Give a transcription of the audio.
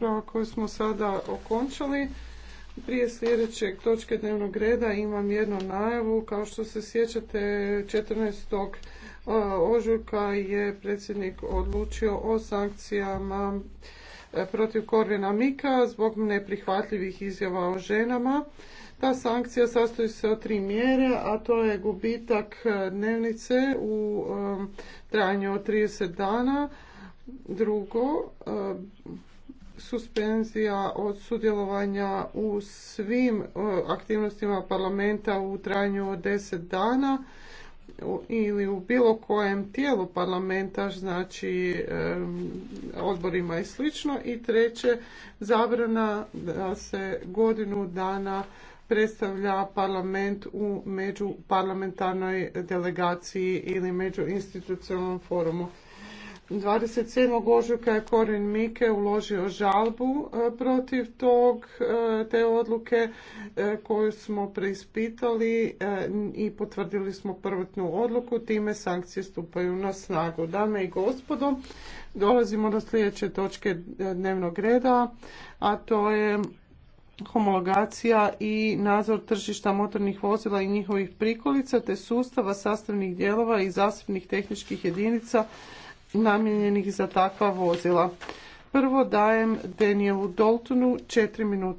rasprava koju smo sada okončali. Prije sljedećeg točke dnevnog reda imam jednu najavu. Kao što se sjećate, 14. E, ožujka je predsjednik odlučio o sankcijama e, protiv Korvina Mika zbog neprihvatljivih izjava o ženama. Ta sankcija sastoji se od tri mjere, a to je gubitak e, dnevnice u trajanju od 30 dana. Drugo, suspenzija od sudjelovanja u svim e, aktivnostima parlamenta u trajanju od 10 dana ili u bilo kojem tijelu parlamenta, znači e, odborima i slično. I treće, zabrana da se godinu dana predstavlja parlament u međuparlamentarnoj delegaciji ili međuinstitucionalnom forumu. 27. ožujka je Korin Mike uložio žalbu e, protiv tog, e, te odluke e, koju smo preispitali i potvrdili smo prvotnu odluku, time sankcije stupaju na snagu. Dame i gospodo, dolazimo do sljedeće točke dnevnog reda, a to je homologacija i nadzor tržišta motornih vozila i njihovih prikolica te sustava sastavnih dijelova i zasebnih tehničkih jedinica namijenjenih za takva vozila. Prvo dajem Danielu Daltonu 4 minute